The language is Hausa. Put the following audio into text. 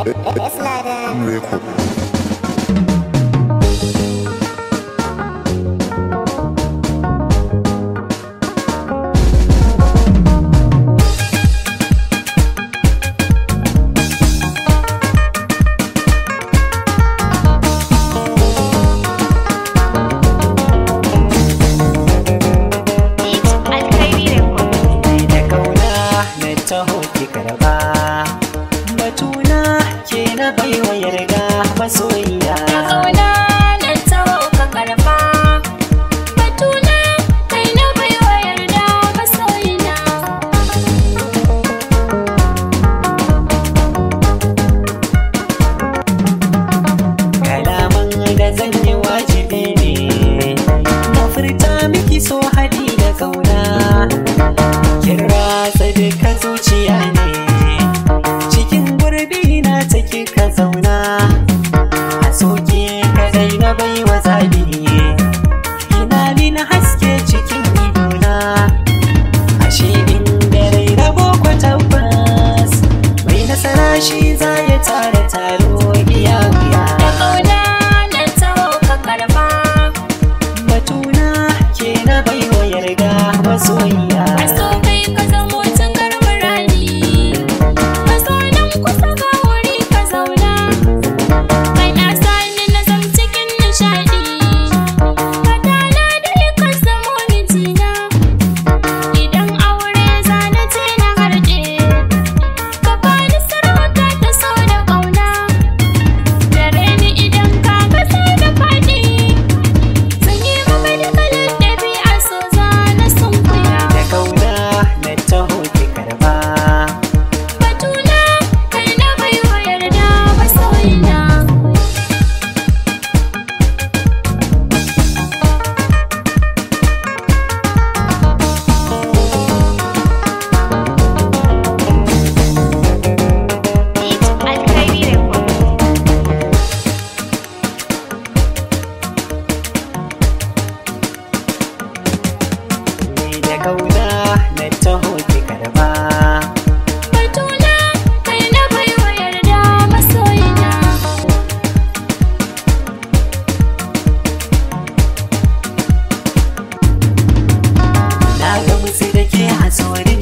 It's down. Real ce na baiwa yarda masoyiya. shi za ya tara taro iya wuya da kauna na taho ka karfa batuna ke na baiwa yarda masoyi kauna na taho ke karba batuna kai na baiwa yarda masoyina na ga musu da ke hasori